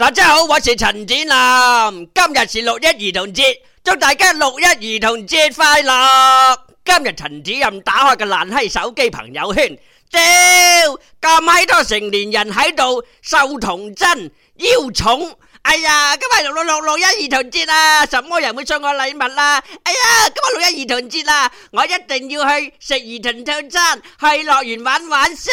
大家好，我是陳展林，今日係六一兒童節，祝大家六一兒童節快樂。今日陳主任打開個爛閪手機朋友圈。屌，咁閪多成年人喺度秀童真，腰重哎呀！今日六六六六,六一兒童節啊，什麼人會送我禮物啦，啊？哎呀，今日六一兒童節啦，我一定要去食兒童套餐，去樂園玩玩先。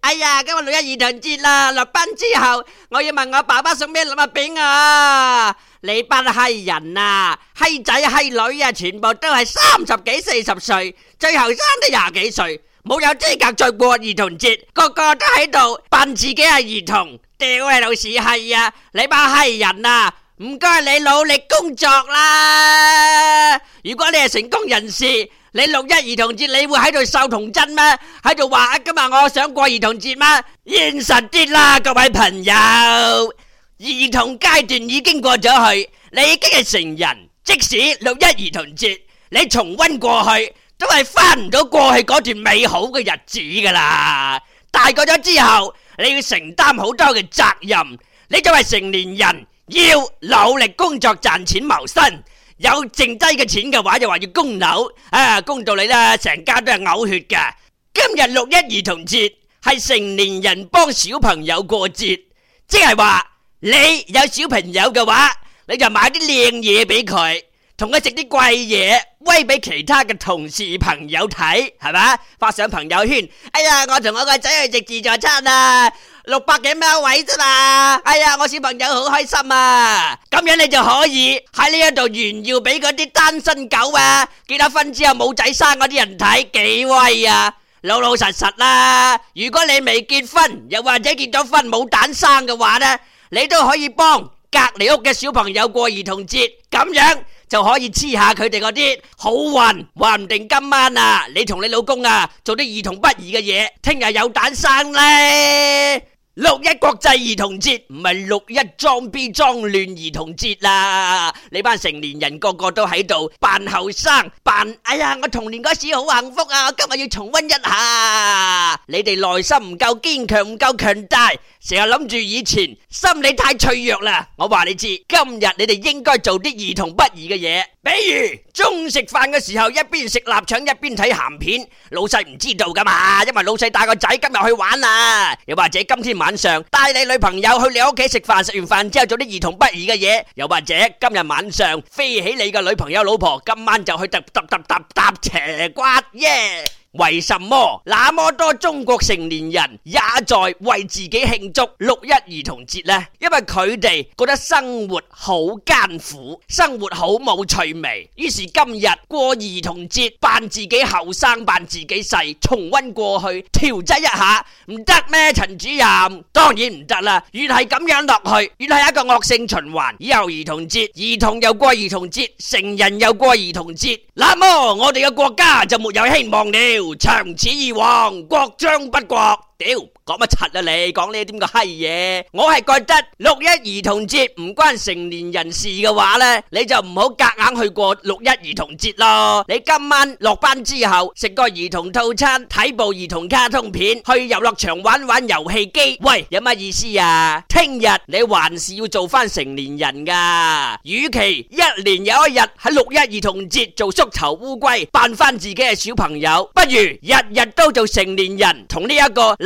哎呀，今日六一兒童節啦，落班之後我要問我爸爸送咩禮物俾我，啊。你班閪人啊，閪仔閪女，啊、女啊，全部都係三十幾、四十歲，最後生得廿幾歲。冇有資格再過兒童節，個個都喺度扮自己係兒童，屌你老屎係呀！你把閪人啊？唔該你努力工作啦！如果你係成功人士，你六一兒童節你會喺度秀童真咩？喺度話今日我想過兒童節咩？現實啲啦，各位朋友，兒童階段已經過咗去，你已經係成人，即使六一兒童節，你重溫過去。都係翻唔到過去嗰段美好嘅日子噶啦！大個咗之後，你要承擔好多嘅責任。你作為成年人，要努力工作賺錢謀生。有剩低嘅錢嘅話，就話要供樓啊！供到你啦，成家都係嘔血噶。今日六一兒童節係成年人幫小朋友過節，即係話你有小朋友嘅話，你就買啲靚嘢俾佢，同佢食啲貴嘢。威俾其他嘅同事朋友睇，係咪？發上朋友圈，哎呀，我同我個仔去食自助餐啊，六百幾蚊一位啫嘛，哎呀，我小朋友好開心啊！咁樣你就可以喺呢一度炫耀俾嗰啲單身狗啊，結咗婚之後冇仔生嗰啲人睇，幾威啊！老老實實啦，如果你未結婚，又或者結咗婚冇蛋生嘅話呢，你都可以幫隔離屋嘅小朋友過兒童節，咁樣。就可以黐下佢哋嗰啲好運，話唔定今晚啊，你同你老公啊做啲兒童不宜嘅嘢，聽日有蛋生咧。六一國際兒童節唔係六一裝逼裝嫩兒童節啦，你班成年人個，個個都喺度扮後生，扮，哎呀我童年嗰時好幸福啊，我今日要重溫一下。你哋內心唔夠堅強，唔夠強大，成日諗住以前，心理太脆弱啦。我話你知，今日你哋應該做啲兒童不宜嘅嘢，比如中午食飯嘅時候一邊食臘腸一邊睇咸片，老細唔知道㗎嘛，因為老細帶個仔今日去玩啦。又或者今天晚上帶你女朋友去你屋企食飯，食完飯之後做啲兒童不宜嘅嘢。又或者今日晚上飛起你個女朋友老婆，今晚就去揼揼揼揼揼斜骨耶。Yeah! 為什麼那麼多中國成年人也在為自己慶祝六一兒童節呢？因為佢哋覺得生活好艱苦，生活好冇趣味，於是今日過兒童節，扮自己後生，扮自己細，重溫過去，調劑一下，唔得咩？陳主任，當然唔得啦！越係咁樣落去，越係一個惡性循環。以後兒童節，兒童又過兒童節，成人又過兒童節。那麼我哋嘅國家就沒有希望了，長此以往，國將不國。講乜柒啊！你講呢啲個閪嘢，我係覺得六一兒童節唔關成年人事嘅話呢，你就唔好夾硬去過六一兒童節咯。你今晚落班之後食個兒童套餐，睇部兒童卡通片，去遊樂場玩玩遊戲機，喂，有乜意思啊？聽日你還是要做翻成年人噶，與其一年有一日喺六一兒童節做縮頭烏龜，扮翻自己係小朋友，不如日日都做成年人，同呢一個。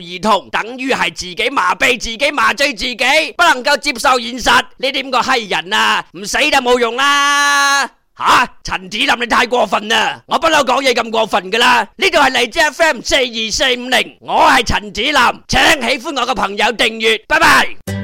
兒童等於係自己麻痹自己，麻醉自己，不能夠接受現實，你啲咁個閪人啊，唔死都冇用啦、啊、吓！陳、啊、子林你太過分啦，我不嬲講嘢咁過分㗎啦，呢度係荔枝 FM 四二四五零，我係陳子林，請喜歡我嘅朋友訂閱，拜拜。